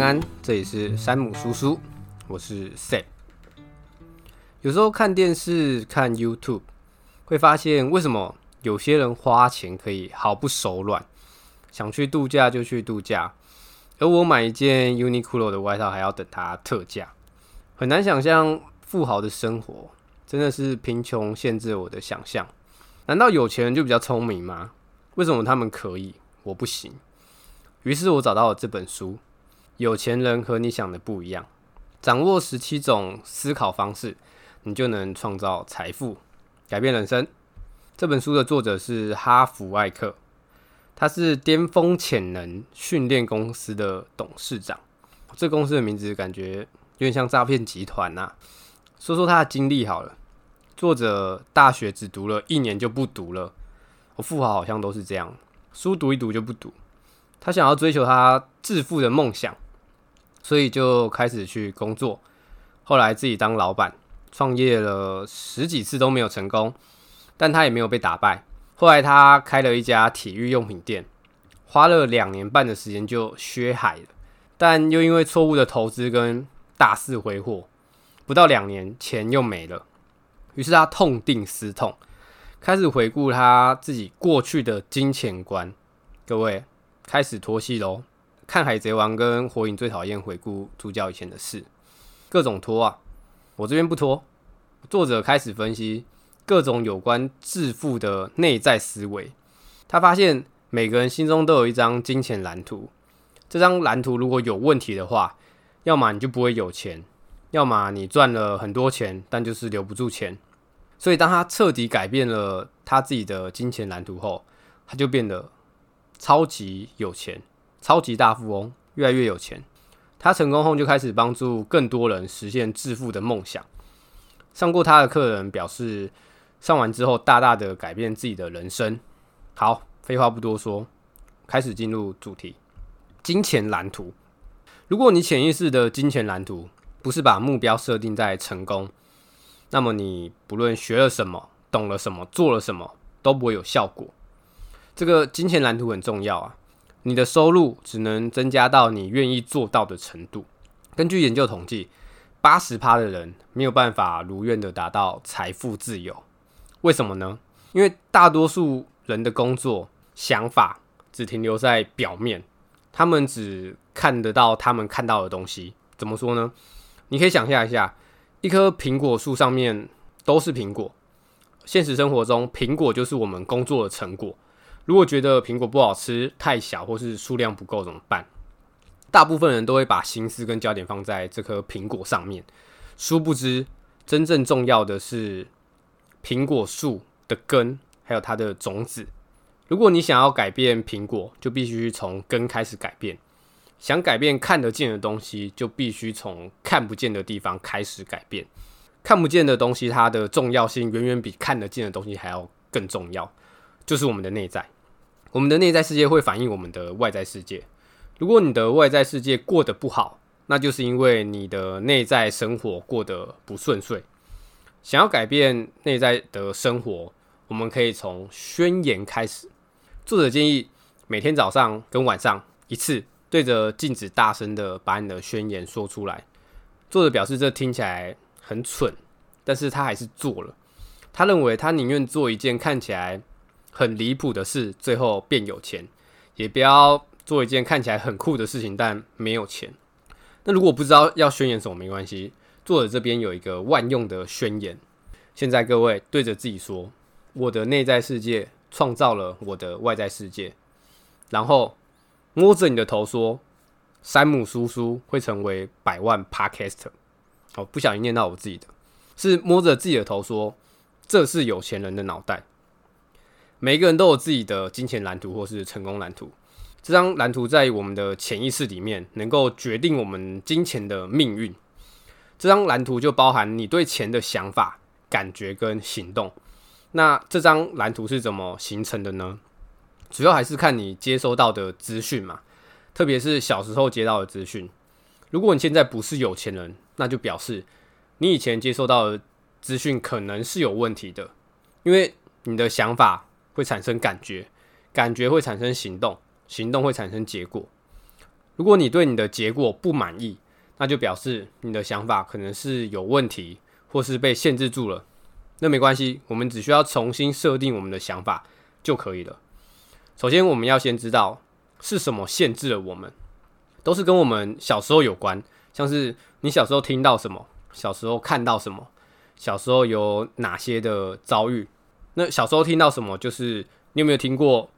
安安，這裡是山姆書書，我是 Sam。有時候看電視、看 YouTube，會發現為什麼有些人花錢可以毫不手軟，想去度假就去度假，而我買一件 Uniqlo 的外套還要等它特價。很難想象富豪的生活，真的是貧窮限制我的想象。難道有錢人就比較聰明嗎？為什麼他們可以，我不行？於是我找到了這本書。有錢人和你想的不一樣，掌握十七種思考方式，你就能創造財富，改變人生。這本書的作者是哈弗·艾克，他是巔峰潛能訓練公司的董事長。這公司的名字感覺有點像詐騙集團啊。說說他的經歷好了。作者大學只讀了一年就不讀了。我富豪好像都是這樣，書讀一讀就不讀。他想要追求他致富的夢想。所以就開始去工作，後來自己當老板，創業了十幾次都沒有成功，但他也沒有被打敗。後來他開了一家體育用品店，花了兩年半的時間就削海了，但又因為錯誤的投資跟大肆揮霍，不到兩年錢又沒了。於是他痛定思痛，開始回顧他自己過去的金錢觀。各位，開始脫戲嘍。看海賊王跟火影最討厭回顧主角以前的事，各種拖啊！我這邊不拖，作者開始分析各種有關致富的內在思維。他發現每個人心中都有一張金錢藍圖，這張藍圖如果有問題的話，要麼你就不會有錢，要麼你賺了很多錢但就是留不住錢。所以當他徹底改變了他自己的金錢藍圖後，他就變得超級有錢。超級大富翁越來越有錢，他成功後就開始幫助更多人實現致富的夢想。上過他的客人表示，上完之後大大的改變自己的人生。好，廢話不多說，開始進入主題：金錢藍圖。如果你潛意識的金錢藍圖不是把目標設定在成功，那麼你不論學了什麼、懂了什麼、做了什麼都不會有效果。這個金錢藍圖很重要啊。你的收入只能增加到你願意做到的程度。根據研究統計，八十趴的人沒有辦法如願的達到財富自由，為什麼呢？因為大多數人的工作想法只停留在表面，他們只看得到他們看到的東西。怎麼說呢？你可以想象一下，一棵蘋果樹上面都是蘋果。現實生活中，蘋果就是我們工作的成果。如果覺得蘋果不好吃、太小或是數量不夠怎麼辦？大部分人都會把心思跟焦點放在這顆蘋果上面，殊不知真正重要的是蘋果樹的根，還有它的種子。如果你想要改變蘋果，就必須從根開始改變。想改變看得見的東西，就必須從看不見的地方開始改變。看不見的東西，它的重要性遠遠比看得見的東西還要更重要，就是我們的內在。我們的內在世界會反映我們的外在世界。如果你的外在世界過得不好，那就是因為你的內在生活過得不順遂。想要改變內在的生活，我們可以從宣言開始。作者建議每天早上跟晚上一次對着鏡子大聲的把你的宣言說出來。作者表示這聽起來很蠢，但是他還是做了。他認為他寧願做一件看起來。很離譜的事，最後變有錢；也不要做一件看起來很酷的事情，但沒有錢。那如果不知道要宣言什麼，沒關係。作者這邊有一個萬用的宣言。現在各位對着自己說：“我的內在世界創造了我的外在世界。”然後摸着你的頭說：“山姆書書會成為百萬 Podcaster。”哦，不小心念到我自己的，是摸着自己的頭說：“這是有錢人的腦袋。”每個人都有自己的金錢藍圖或是成功藍圖，這張藍圖在我們的潛意識裡面能夠決定我們金錢的命運。這張藍圖就包含你對錢的想法、感覺跟行動。那這張藍圖是怎麼形成的呢？主要還是看你接收到的資訊嘛，特別是小時候接到的資訊。如果你現在不是有錢人，那就表示你以前接收到的資訊可能是有問題的，因為你的想法。會產生感覺，感覺會產生行動，行動會產生結果。如果你對你的結果不滿意，那就表示你的想法可能是有問題，或是被限制住了。那沒關係，我們只需要重新設定我們的想法就可以了。首先，我們要先知道是什麼限制了我們，都是跟我們小時候有關，像是你小時候聽到什麼，小時候看到什麼，小時候有哪些的遭遇。那小時候聽到什麼，就是你有沒有聽過？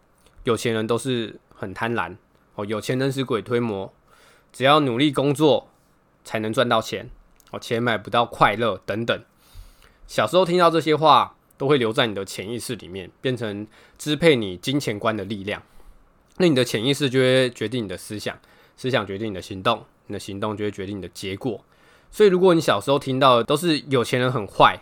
有錢人都是很貪婪哦，有錢能使鬼推磨，只要努力工作才能賺到錢哦，錢買不到快樂等等。小時候聽到這些話，都會留在你的潛意識裡面，變成支配你金錢觀的力量。那你的潛意識就會決定你的思想，思想決定你的行動，你的行動就會決定你的結果。所以，如果你小時候聽到的都是有錢人很壞，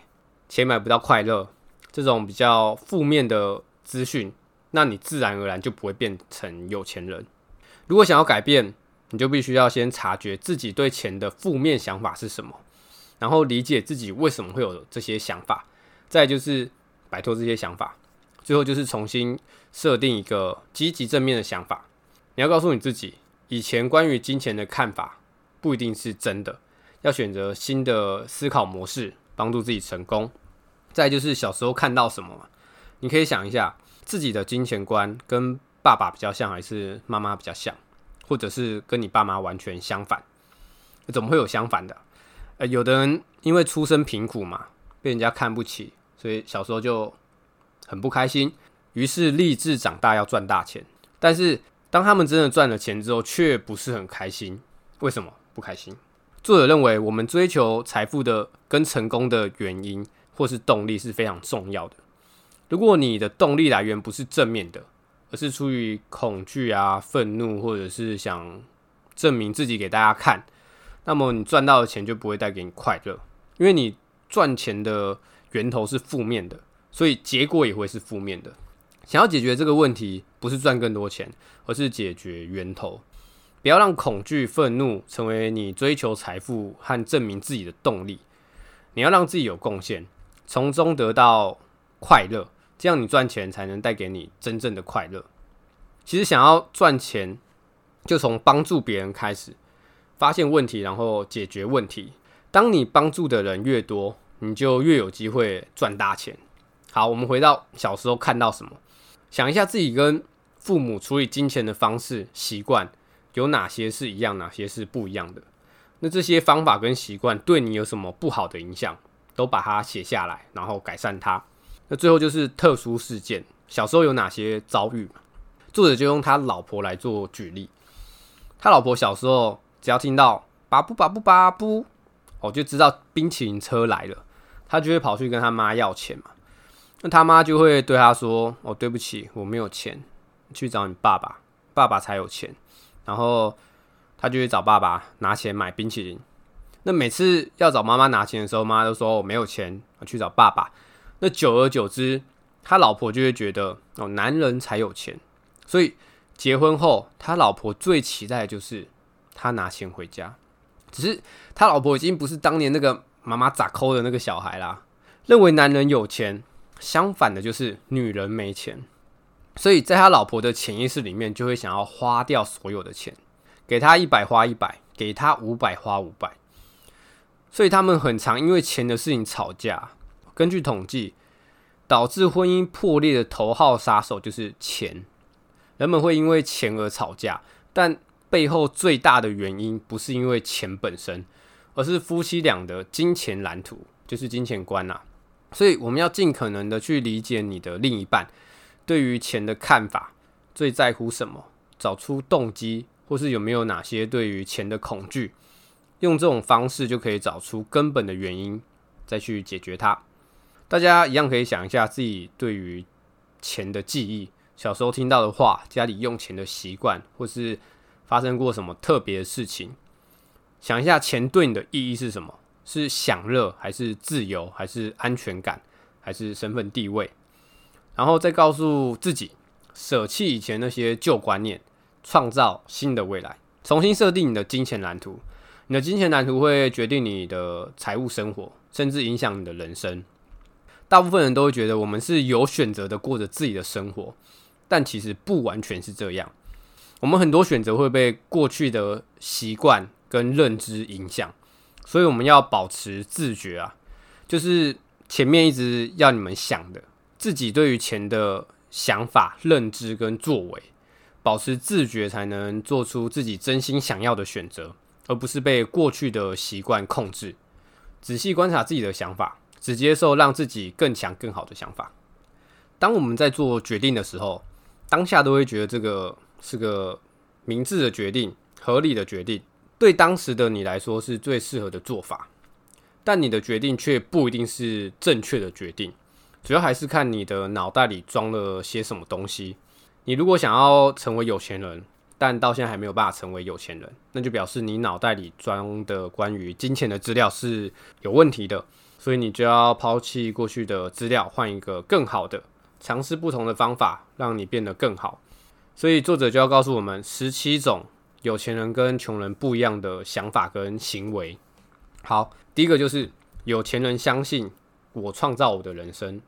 錢買不到快樂。這種比較負面的資訊，那你自然而然就不會變成有錢人。如果想要改變，你就必須要先察覺自己對錢的負面想法是什麼，然後理解自己為什麼會有這些想法，再就是擺脫這些想法，最後就是重新設定一個積極正面的想法。你要告訴你自己，以前關於金錢的看法不一定是真的，要選擇新的思考模式，幫助自己成功。再就是小時候看到什麼，你可以想一下自己的金錢觀跟爸爸比較像，還是媽媽比較像，或者是跟你爸媽完全相反？怎麼會有相反的？呃，有的人因為出身貧苦嘛，被人家看不起，所以小時候就很不開心，於是立志長大要賺大錢。但是當他們真的賺了錢之後，卻不是很開心。為什麼不開心？作者認為，我們追求財富的跟成功的原因，或是動力是非常重要的。如果你的動力來源不是正面的，而是出於恐懼啊、憤怒，或者是想證明自己給大家看，那麼你賺到的錢就不會帶給你快樂，因為你賺錢的源頭是負面的，所以結果也會是負面的。想要解決這個問題，不是賺更多錢，而是解決源頭，不要讓恐懼、憤怒成為你追求財富和證明自己的動力。你要讓自己有貢獻。從中得到快樂，這樣你賺錢才能帶給你真正的快樂。其實想要賺錢，就從幫助別人開始，發現問題，然後解決問題。當你幫助的人越多，你就越有機會賺大錢。好，我們回到小時候看到什麼，想一下自己跟父母處理金錢的方式、習慣有哪些是一樣，哪些是不一樣的。那這些方法跟習慣對你有什麼不好的影響？都把它寫下來，然後改善它。那最後就是特殊事件，小時候有哪些遭遇？作者就用他老婆來做舉例。他老婆小時候，只要聽到巴布巴布巴布，我、喔、就知道冰淇淋車來了，他就會跑去跟他媽要錢嘛。那他媽就會對他說：“哦、喔，對不起，我沒有錢，去找你爸爸，爸爸才有錢。”然後他就去找爸爸拿錢買冰淇淋。那每次要找媽媽拿錢的時候，媽媽都說我沒有錢，我去找爸爸。那久而久之，他老婆就會覺得哦，男人才有錢。所以結婚後，他老婆最期待的就是他拿錢回家。只是他老婆已經不是當年那個媽媽咋摳的那個小孩啦，認為男人有錢，相反的就是女人沒錢。所以在他老婆的潛意識裡面，就會想要花掉所有的錢，給他一百花一百，給他五百花五百。所以他們很常因為錢的事情吵架。根據統計，導致婚姻破裂的頭號殺手就是錢。人們會因為錢而吵架，但背後最大的原因不是因為錢本身，而是夫妻倆的金錢藍圖，就是金錢觀啊。所以我們要盡可能的去理解你的另一半對於錢的看法，最在乎什麼？找出動機，或是有沒有哪些對於錢的恐懼。用這種方式就可以找出根本的原因，再去解決它。大家一樣可以想一下自己對於錢的記憶，小時候聽到的話，家裡用錢的習慣，或是發生過什麼特別的事情。想一下錢對你的意義是什麼？是享樂，還是自由，還是安全感，還是身份地位？然後再告訴自己，捨棄以前那些舊觀念，創造新的未來，重新設定你的金錢藍圖。你的金錢藍圖會決定你的財務生活，甚至影響你的人生。大部分人都會覺得我們是有選擇的過着自己的生活，但其實不完全是這樣。我們很多選擇會被過去的習慣跟認知影響，所以我們要保持自覺啊！就是前面一直要你們想的，自己對於錢的想法、認知跟作為，保持自覺，才能做出自己真心想要的選擇。而不是被過去的習慣控制。仔細觀察自己的想法，只接受讓自己更強、更好的想法。當我們在做決定的時候，當下都會覺得這個是個明智的決定、合理的決定，對當時的你來說是最適合的做法。但你的決定卻不一定是正確的決定，主要還是看你的腦袋裡裝了些什麼東西。你如果想要成為有錢人，但到現在還沒有辦法成為有錢人，那就表示你腦袋裡裝的關於金錢的資料是有問題的，所以你就要拋棄過去的資料，換一個更好的，嘗試不同的方法，讓你變得更好。所以作者就要告訴我們十七種有錢人跟窮人不一樣的想法跟行為。好，第一個就是有錢人相信我創造我的人生，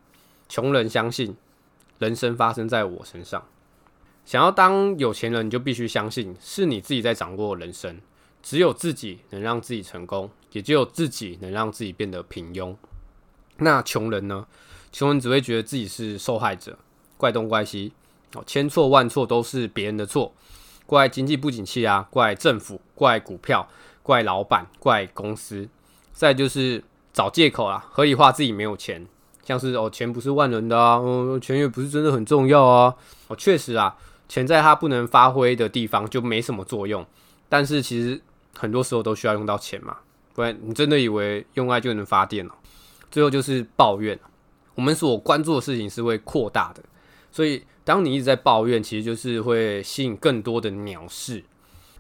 窮人相信人生發生在我身上。想要當有錢人，你就必須相信是你自己在掌握的人生，只有自己能讓自己成功，也只有自己能讓自己變得平庸。那窮人呢？窮人只會覺得自己是受害者，怪東怪西，哦，千錯萬錯都是別人的錯，怪經濟不景氣啊，怪政府，怪股票，怪老闆，怪公司。再就是找借口啦、啊，合理化自己沒有錢，像是哦，錢不是萬能的啊，嗯，錢也不是真的很重要啊，哦，確實啊。錢在它不能發揮的地方就沒什麼作用，但是其實很多時候都需要用到錢嘛，不然你真的以為用愛就能發電了。最後就是抱怨，我們所關注的事情是會擴大的，所以當你一直在抱怨，其實就是會吸引更多的鳥事。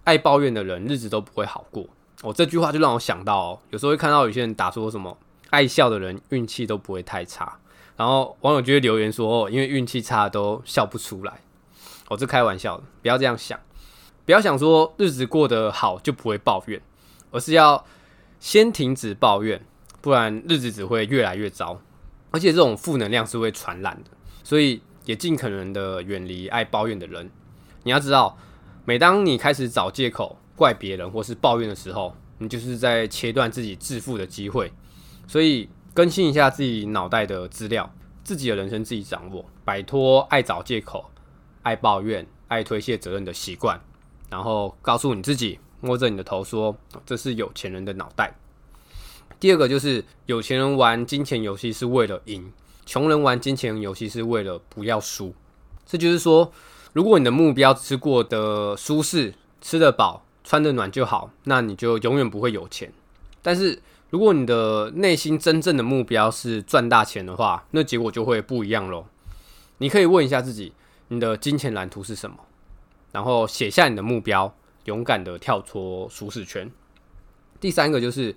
愛抱怨的人日子都不會好過喔。我這句話就讓我想到，喔，有時候會看到有些人打說什麼愛笑的人運氣都不會太差，然後網友就會留言說，因為運氣差都笑不出來。我，哦，是開玩笑的，不要這樣想。不要想說日子過得好就不會抱怨，而是要先停止抱怨，不然日子只會越來越糟。而且這種負能量是會傳染的，所以也盡可能的遠離愛抱怨的人。你要知道，每當你開始找借口怪別人或是抱怨的時候，你就是在切斷自己致富的機會。所以更新一下自己腦袋的資料，自己的人生自己掌握，擺脫愛找借口。愛抱怨、愛推卸責任的習慣，然後告訴你自己，摸着你的頭說：“這是有錢人的腦袋。”第二個就是，有錢人玩金錢遊戲是為了贏，窮人玩金錢遊戲是為了不要輸。這就是說，如果你的目標是過得舒適、吃得飽、穿得暖就好，那你就永遠不會有錢。但是，如果你的內心真正的目標是賺大錢的話，那結果就會不一樣嘍。你可以問一下自己。你的金錢藍圖是什麼？然後寫下你的目標，勇敢的跳出舒適圈。第三個就是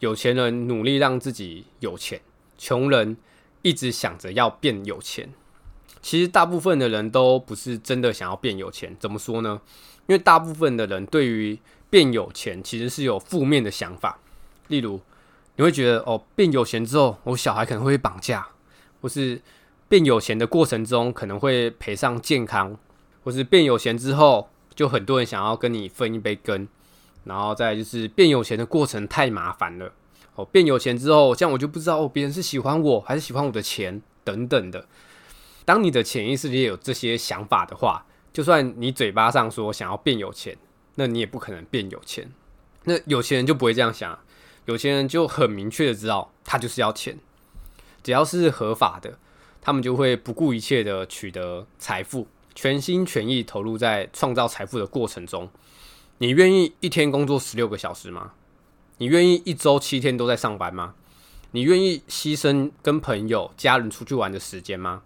有錢人努力讓自己有錢，窮人一直想着要變有錢。其實大部分的人都不是真的想要變有錢，怎麼說呢？因為大部分的人對於變有錢其實是有負面的想法，例如你會覺得哦，變有錢之後，我小孩可能會被綁架，或是變有錢的過程中，可能會賠上健康，或是變有錢之後，就很多人想要跟你分一杯羹，然後再就是變有錢的過程太麻煩了。哦，變有錢之後，這樣我就不知道哦，別人是喜歡我還是喜歡我的錢等等的。當你的潛意識裡有這些想法的話，就算你嘴巴上說想要變有錢，那你也不可能變有錢。那有錢人就不會這樣想，有錢人就很明確的知道，他就是要錢，只要是合法的。他們就會不顧一切的取得財富，全心全意投入在創造財富的過程中。你願意一天工作十六個小時嗎？你願意一周七天都在上班嗎？你願意犧牲跟朋友、家人出去玩的時間嗎？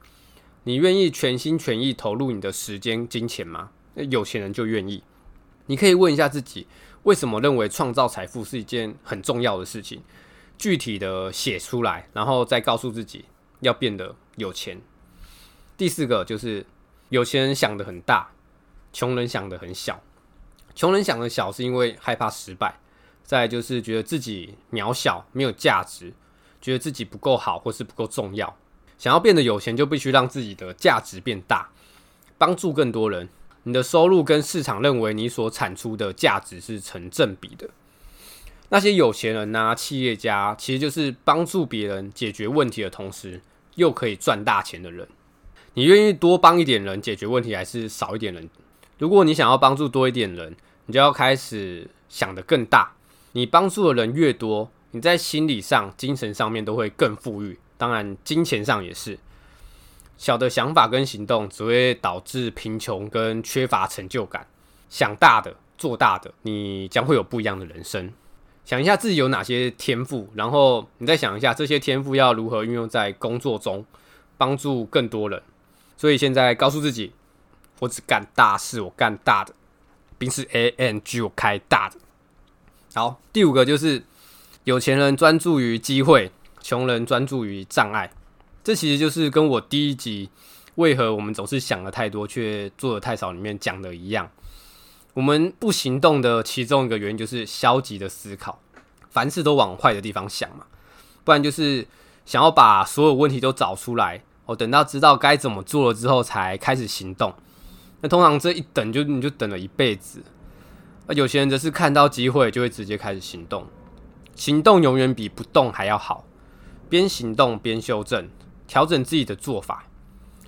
你願意全心全意投入你的時間、金錢嗎？有錢人就願意。你可以問一下自己，為什麼認為創造財富是一件很重要的事情？具體的寫出來，然後再告訴自己。要變得有錢。第四個就是，有錢人想的很大，窮人想的很小。窮人想的小是因為害怕失敗，再就是覺得自己渺小沒有價值，覺得自己不夠好或是不夠重要。想要變得有錢，就必須讓自己的價值變大，幫助更多人。你的收入跟市場認為你所產出的價值是成正比的。那些有錢人吶、啊，企業家其實就是幫助別人解決問題的同時。又可以賺大錢的人，你願意多幫一點人解決問題，還是少一點人？如果你想要幫助多一點人，你就要開始想得更大。你幫助的人越多，你在心理上、精神上面都會更富裕，當然金錢上也是。小的想法跟行動只會導致貧窮跟缺乏成就感。想大的，做大的，你將會有不一樣的人生。想一下自己有哪些天賦，然後你再想一下這些天賦要如何運用在工作中，幫助更多人。所以現在告訴自己，我只幹大事，我幹大的，並是 A N G，我開大的。好，第五個就是有錢人專注於機會，窮人專注於障礙。這其實就是跟我第一集為何我們總是想得太多卻做得太少裡面講的一樣。我們不行動的其中一個原因就是消極的思考，凡事都往壞的地方想嘛，不然就是想要把所有問題都找出來，哦，等到知道該怎麼做了之後才開始行動，那通常這一等就你就等了一輩子。而有些人則是看到機會就會直接開始行動，行動永遠比不動還要好，邊行動邊修正調整自己的做法，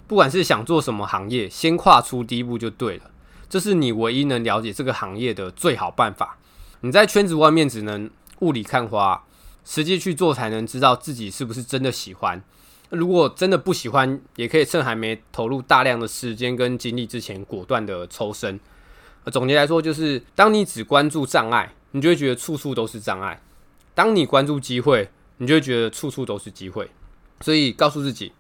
不管是想做什麼行業，先跨出第一步就對了。這是你唯一能了解這個行業的最好辦法。你在圈子外面只能霧裡看花，實際去做才能知道自己是不是真的喜歡。如果真的不喜歡，也可以趁還沒投入大量的時間跟精力之前，果斷的抽身。啊，總結來說，就是當你只關注障礙，你就會覺得處處都是障礙；當你關注機會，你就會覺得處處都是機會。所以告訴自己，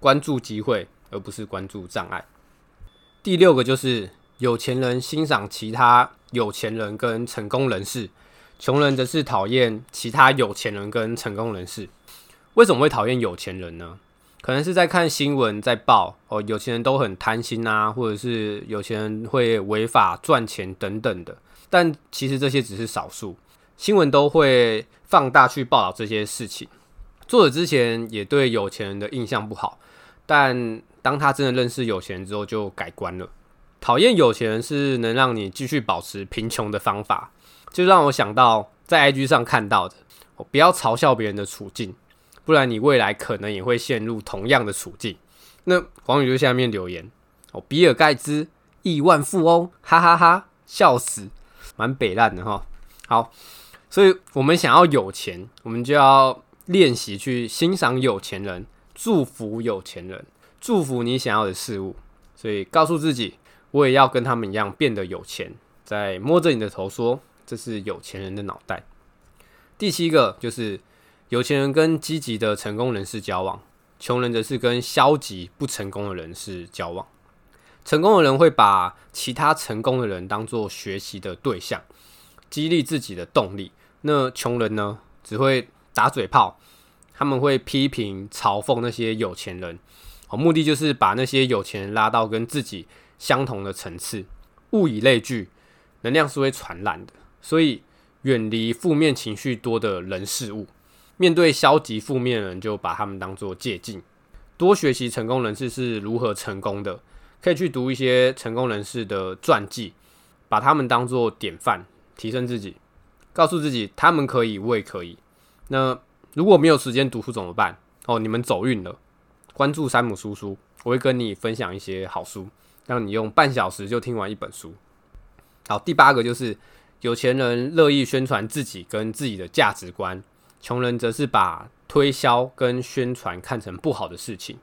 關注機會而不是關注障礙。第六個就是。有錢人欣賞其他有錢人跟成功人士，窮人則是討厭其他有錢人跟成功人士。為什麼會討厭有錢人呢？可能是在看新聞，在報哦，有錢人都很貪心啊，或者是有錢人會違法賺錢等等的。但其實這些只是少數，新聞都會放大去報道這些事情。作者之前也對有錢人的印象不好，但當他真的認識有錢人之後，就改觀了。討厭有錢人是能讓你繼續保持貧窮的方法，就讓我想到在 IG 上看到的，不要嘲笑別人的處境，不然你未來可能也會陷入同樣的處境。那網友就下面留言：“哦，比爾蓋茨億萬富翁，哈哈哈，笑死，蠻北爛的哈。”好，所以我們想要有錢，我們就要練習去欣賞有錢人，祝福有錢人，祝福你想要的事物。所以告訴自己。我也要跟他們一樣變得有錢，再摸着你的頭說：“這是有錢人的腦袋。”第七個就是有錢人跟積極的成功人士交往，窮人則是跟消極不成功的人士交往。成功的人會把其他成功的人當作學習的對象，激勵自己的動力。那窮人呢，只會打嘴炮，他們會批評嘲諷那些有錢人，好，目的就是把那些有錢人拉到跟自己。相同的層次，物以類聚，能量是會傳染的，所以遠離負面情緒多的人事物。面對消極負面的人，就把他們當做借鏡。多學習成功人士是如何成功的，可以去讀一些成功人士的傳記，把他們當做典範，提升自己。告訴自己，他們可以，我也可以。那如果沒有時間讀書怎麼辦？哦，你們走運了，關注山姆書書，我會跟你分享一些好書。讓你用半小時就聽完一本書。好，第八個就是有錢人樂意宣傳自己跟自己的價值觀，窮人則是把推銷跟宣傳看成不好的事情。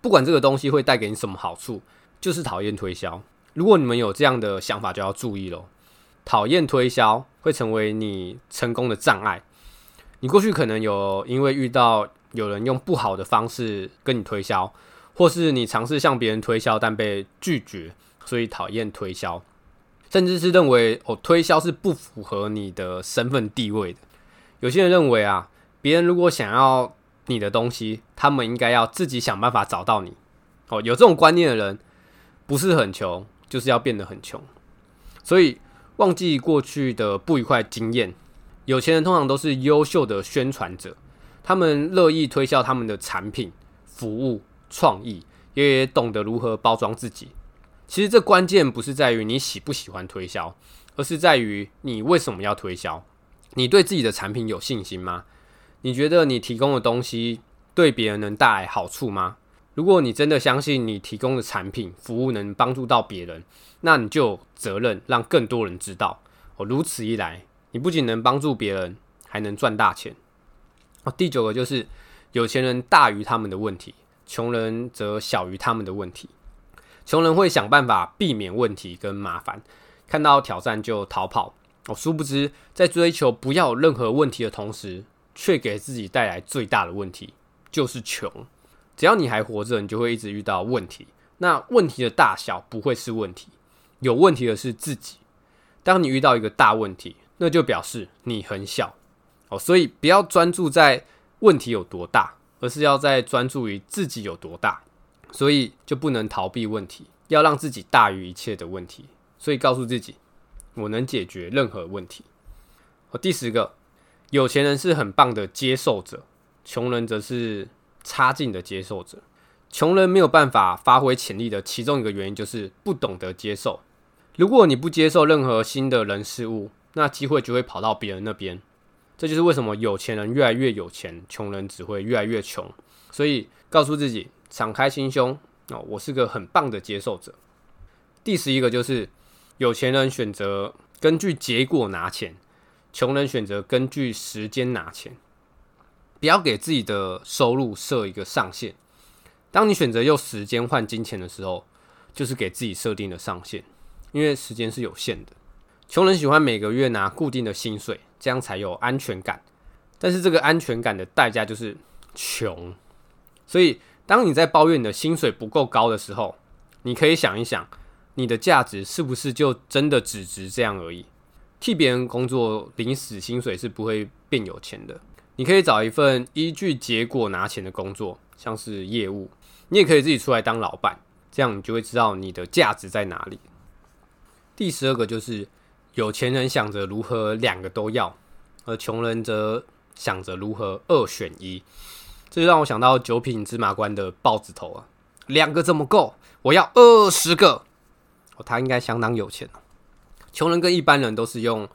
不管這個東西會帶給你什麼好處，就是討厭推銷。如果你們有這樣的想法，就要注意了。討厭推銷會成為你成功的障礙。你過去可能有因為遇到有人用不好的方式跟你推銷。或是你嘗試向別人推銷，但被拒絕，所以討厭推銷，甚至是認為哦，推銷是不符合你的身份地位的。有些人認為啊，別人如果想要你的東西，他們應該要自己想辦法找到你。哦，有這種觀念的人，不是很窮，就是要變得很窮。所以忘記過去的不愉快經驗。有錢人通常都是優秀的宣傳者，他們樂意推銷他們的產品、服務。創意也，也懂得如何包裝自己。其實這關鍵不是在於你喜不喜歡推銷，而是在於你為什麼要推銷。你對自己的產品有信心嗎？你覺得你提供的東西對別人能帶來好處嗎？如果你真的相信你提供的產品服務能幫助到別人，那你就有責任讓更多人知道。哦，如此一來，你不僅能幫助別人，還能賺大錢。哦，第九個就是有錢人大於他們的問題。窮人則小於他們的問題。窮人會想辦法避免問題跟麻煩，看到挑戰就逃跑。哦，殊不知在追求不要有任何問題的同時，卻給自己帶來最大的問題，就是窮。只要你還活着，你就會一直遇到問題。那問題的大小不會是問題，有問題的是自己。當你遇到一個大問題，那就表示你很小。哦，所以不要專注在問題有多大。而是要在專注於自己有多大，所以就不能逃避問題，要讓自己大於一切的問題。所以告訴自己，我能解決任何問題。好，第十個，有錢人是很棒的接受者，窮人則是差勁的接受者。窮人沒有辦法發揮潛力的其中一個原因就是不懂得接受。如果你不接受任何新的人事物，那機會就會跑到別人那邊。這就是為什麼有錢人越來越有錢，窮人只會越來越窮。所以告訴自己，敞開心胸，哦，我是個很棒的接受者。第十一個就是，有錢人選擇根據結果拿錢，窮人選擇根據時間拿錢。不要給自己的收入設一個上限。當你選擇用時間換金錢的時候，就是給自己設定的上限，因為時間是有限的。窮人喜歡每個月拿固定的薪水，這樣才有安全感。但是這個安全感的代價就是窮。所以當你在抱怨你的薪水不夠高的時候，你可以想一想，你的價值是不是就真的只值這樣而已？替別人工作領死薪水是不會變有錢的。你可以找一份依據結果拿錢的工作，像是業務。你也可以自己出來當老闆，這樣你就會知道你的價值在哪裡。第十二個就是，有錢人想着如何兩個都要，而窮人則想着如何二選一。這就讓我想到九品芝麻官的豹子頭啊，兩個怎麼夠？我要二十個。哦，他應該相當有錢。窮人跟一般人都是用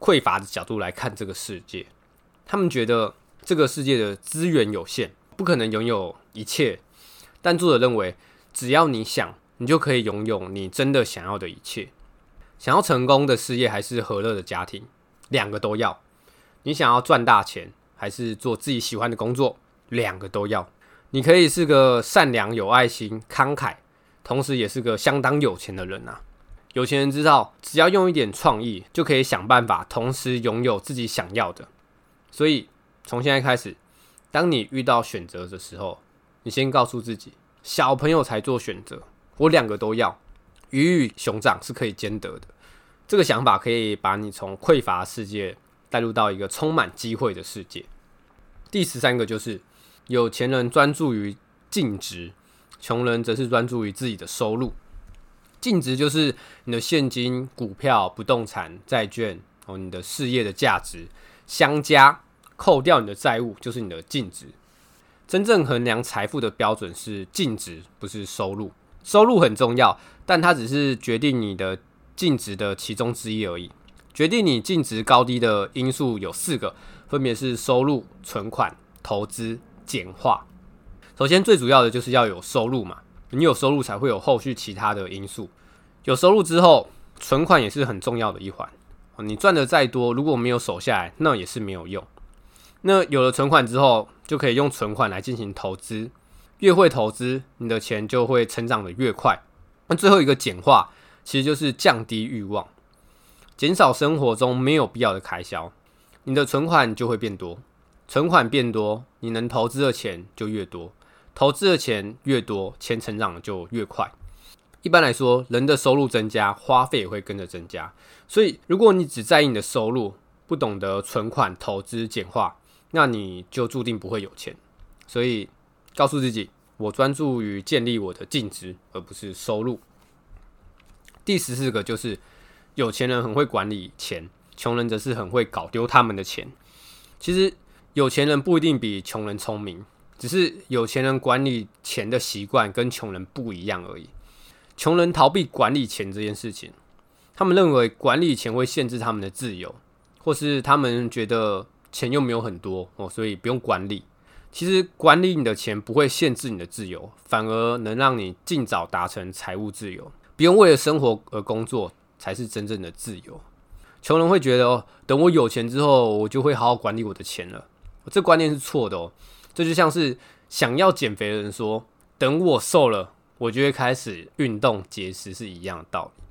匱乏的角度來看這個世界，他們覺得這個世界的資源有限，不可能擁有一切。但作者認為，只要你想，你就可以擁有你真的想要的一切。想要成功的事業還是和樂的家庭？兩個都要。你想要賺大錢還是做自己喜歡的工作？兩個都要。你可以是個善良、有愛心、慷慨，同時也是個相當有錢的人啊。有錢人知道，只要用一點創意，就可以想辦法同時擁有自己想要的。所以從現在開始，當你遇到選擇的時候，你先告訴自己：小朋友才做選擇，我兩個都要。魚與熊掌是可以兼得的。這個想法可以把你從匱乏世界帶入到一個充滿機會的世界。第十三個就是，有錢人專注於淨值，窮人則是專注於自己的收入。淨值就是你的現金、股票、不動產、債券，哦，你的事業的價值相加，扣掉你的債務，就是你的淨值。真正衡量財富的標準是淨值，不是收入。收入很重要，但它只是決定你的。淨值的其中之一而已。決定你淨值高低的因素有四個，分別是收入、存款、投資、簡化。首先，最主要的就是要有收入嘛，你有收入才會有後續其他的因素。有收入之後，存款也是很重要的一環。你賺得再多，如果沒有守下來，那也是沒有用。那有了存款之後，就可以用存款來進行投資。越會投資，你的錢就會成長得越快。那最後一個簡化。其實就是降低慾望，減少生活中沒有必要的開銷，你的存款就會變多。存款變多，你能投資的錢就越多。投資的錢越多，錢成長就越快。一般來說，人的收入增加，花費也會跟着增加。所以，如果你只在意你的收入，不懂得存款投資簡化，那你就注定不會有錢。所以，告訴自己，我專注於建立我的淨值，而不是收入。第十四個就是，有錢人很會管理錢，窮人則是很會搞丟他們的錢。其實有錢人不一定比窮人聰明，只是有錢人管理錢的習慣跟窮人不一樣而已。窮人逃避管理錢這件事情，他們認為管理錢會限制他們的自由，或是他們覺得錢又沒有很多哦，所以不用管理。其實管理你的錢不會限制你的自由，反而能讓你盡早達成財務自由。不用為了生活而工作，才是真正的自由。窮人會覺得哦，等我有錢之後，我就會好好管理我的錢了。這觀念是錯的哦。這就像是想要減肥的人說，等我瘦了，我就會開始運動、節食，是一樣的道理。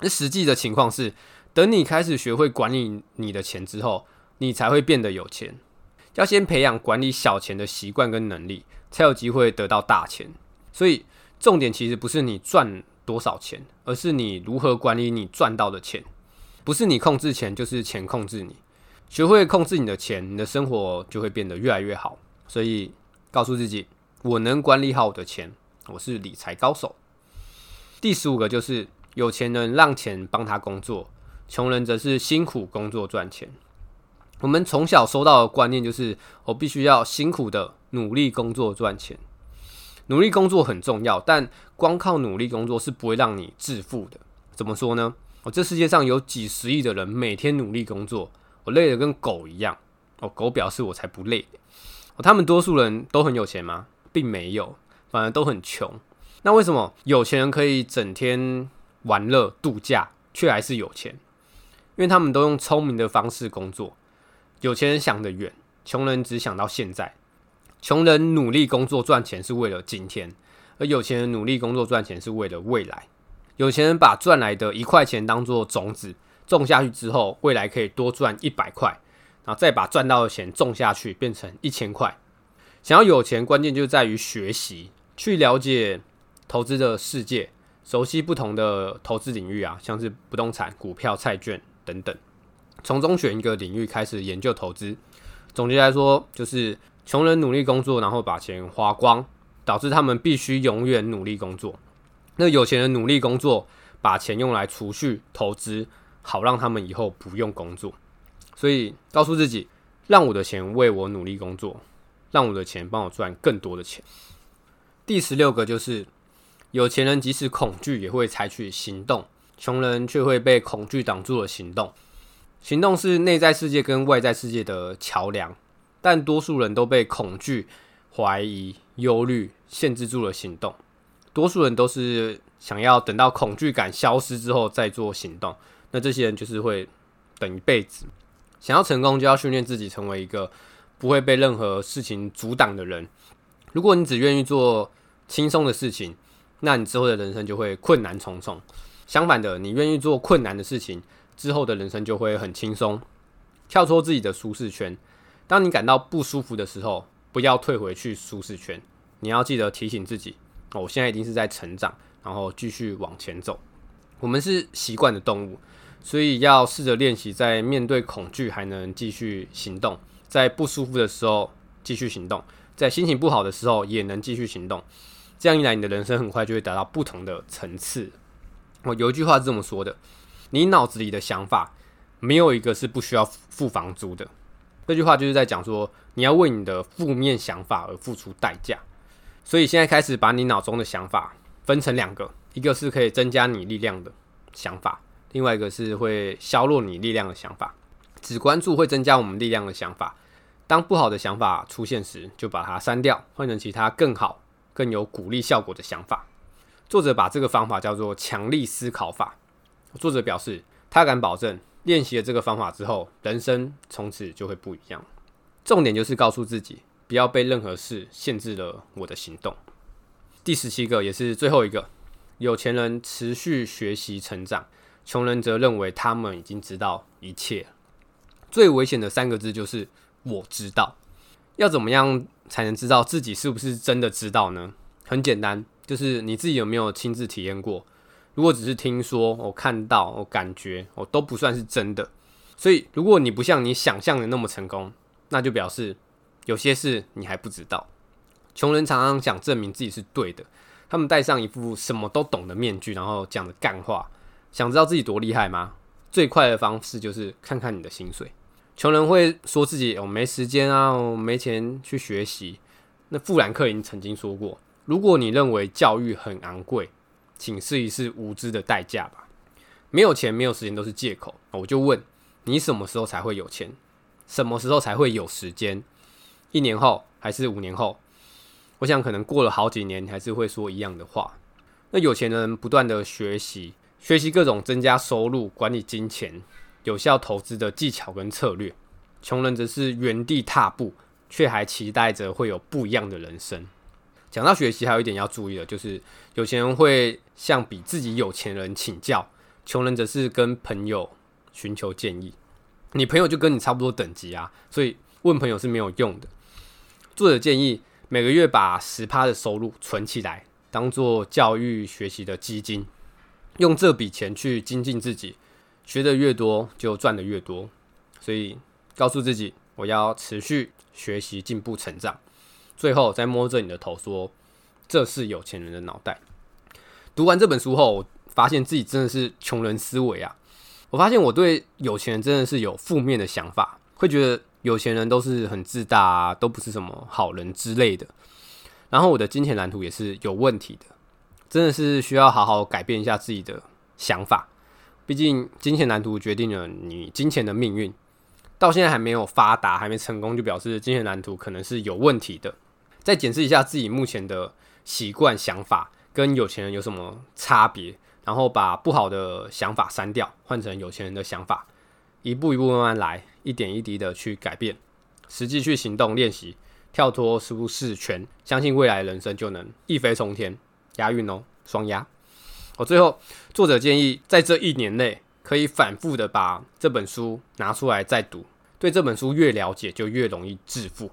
那實際的情況是，等你開始學會管理你的錢之後，你才會變得有錢。要先培養管理小錢的習慣跟能力，才有機會得到大錢。所以重點其實不是你賺。多少錢？而是你如何管理你賺到的錢，不是你控制錢，就是錢控制你。學會控制你的錢，你的生活就會變得越來越好。所以告訴自己，我能管理好我的錢，我是理財高手。第十五個就是有錢人讓錢幫他工作，窮人則是辛苦工作賺錢。我們從小收到的觀念就是，我必須要辛苦的努力工作賺錢。努力工作很重要，但光靠努力工作是不會讓你致富的。怎麼說呢？我，哦，這世界上有幾十億的人每天努力工作，我累得跟狗一樣。哦，狗表示我才不累。哦，他們多數人都很有錢嗎？並沒有，反而都很窮。那為什麼有錢人可以整天玩樂度假，卻還是有錢？因為他們都用聰明的方式工作。有錢人想得遠，窮人只想到現在。窮人努力工作賺錢是為了今天，而有錢人努力工作賺錢是為了未來。有錢人把賺來的一塊錢當做種子種下去之後，未來可以多賺一百塊，然後再把賺到的錢種下去變成一千塊。想要有錢，關鍵就在於學習，去了解投資的世界，熟悉不同的投資領域啊，像是不動產、股票、債券等等，從中選一個領域開始研究投資。總結來說，就是。窮人努力工作，然後把錢花光，導致他們必須永遠努力工作。那有錢人努力工作，把錢用來儲蓄、投資，好讓他們以後不用工作。所以，告訴自己，讓我的錢為我努力工作，讓我的錢幫我賺更多的錢。第十六個就是，有錢人即使恐懼也會採取行動，窮人卻會被恐懼擋住了行動。行動是內在世界跟外在世界的橋梁。但多數人都被恐懼、懷疑、憂慮限制住了行動。多數人都是想要等到恐懼感消失之後再做行動，那這些人就是會等一輩子。想要成功，就要訓練自己成為一個不會被任何事情阻擋的人。如果你只願意做輕鬆的事情，那你之後的人生就會困難重重。相反的，你願意做困難的事情，之後的人生就會很輕鬆。跳出自己的舒適圈。當你感到不舒服的時候，不要退回去舒適圈。你要記得提醒自己，我現在已經是在成長，然後繼續往前走。我們是習慣的動物，所以要試着練習，在面對恐懼還能繼續行動，在不舒服的時候繼續行動，在心情不好的時候也能繼續行動。這樣一來，你的人生很快就會達到不同的層次。我有一句話是這麼說的：你腦子裡的想法，沒有一個是不需要付房租的。這句話就是在講說，你要為你的負面想法而付出代價。所以現在開始，把你腦中的想法分成兩個，一個是可以增加你力量的想法，另外一個是會削弱你力量的想法。只關注會增加我們力量的想法。當不好的想法出現時，就把它刪掉，換成其他更好、更有鼓勵效果的想法。作者把這個方法叫做“強力思考法”。作者表示，他敢保證。練習了這個方法之後，人生從此就會不一樣。重點就是告訴自己，不要被任何事限制了我的行動。第十七個，也是最後一個，有錢人持續學習成長，窮人則認為他們已經知道一切。最危險的三個字就是“我知道”。要怎麼樣才能知道自己是不是真的知道呢？很簡單，就是你自己有沒有親自體驗過。如果只是聽說、我、哦、看到、我、哦、感覺，我、哦、都不算是真的。所以，如果你不像你想象的那麼成功，那就表示有些事你還不知道。窮人常常想證明自己是對的，他們戴上一副什麼都懂的面具，然後講着幹話。想知道自己多厲害嗎？最快的方式就是看看你的薪水。窮人會說自己我、哦、沒時間啊，我、哦、沒錢去學習。那富蘭克林曾經說過：“如果你認為教育很昂貴，”請試一試無知的代價吧。沒有錢、沒有時間都是借口。我就問你，什麼時候才會有錢？什麼時候才會有時間？一年後還是五年後？我想，可能過了好幾年，你還是會說一樣的話。那有錢人不斷的學習，學習各種增加收入、管理金錢、有效投資的技巧跟策略。窮人則是原地踏步，卻還期待着會有不一樣的人生。講到學習，還有一點要注意的，就是有錢人會向比自己有錢人請教，窮人則是跟朋友尋求建議。你朋友就跟你差不多等級啊，所以問朋友是沒有用的。作者建議每個月把十趴的收入存起來，當做教育學習的基金，用這筆錢去精進自己。學得越多，就賺得越多。所以告訴自己，我要持續學習、進步、成長。最後再摸着你的頭說：“這是有錢人的腦袋。”讀完這本書後，我發現自己真的是窮人思維啊！我發現我對有錢人真的是有負面的想法，會覺得有錢人都是很自大啊，都不是什麼好人之類的。然後我的金錢藍圖也是有問題的，真的是需要好好改變一下自己的想法。畢竟金錢藍圖決定了你金錢的命運。到現在還沒有發達，還沒成功，就表示金錢藍圖可能是有問題的。再檢視一下自己目前的習慣、想法，跟有錢人有什麼差別，然後把不好的想法刪掉，換成有錢人的想法，一步一步慢慢來，一點一滴的去改變，實際去行動練習，跳脫舒適圈，相信未來的人生就能一飛衝天。押韻哦，雙押。我、哦、最後作者建議，在這一年內可以反覆的把這本書拿出來再讀，對這本書越了解，就越容易致富。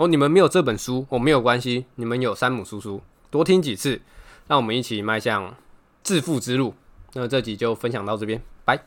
哦，你們沒有這本書，哦，沒有關係。你們有山姆書書，多聽幾次，讓我們一起邁向致富之路。那這集就分享到這邊，拜。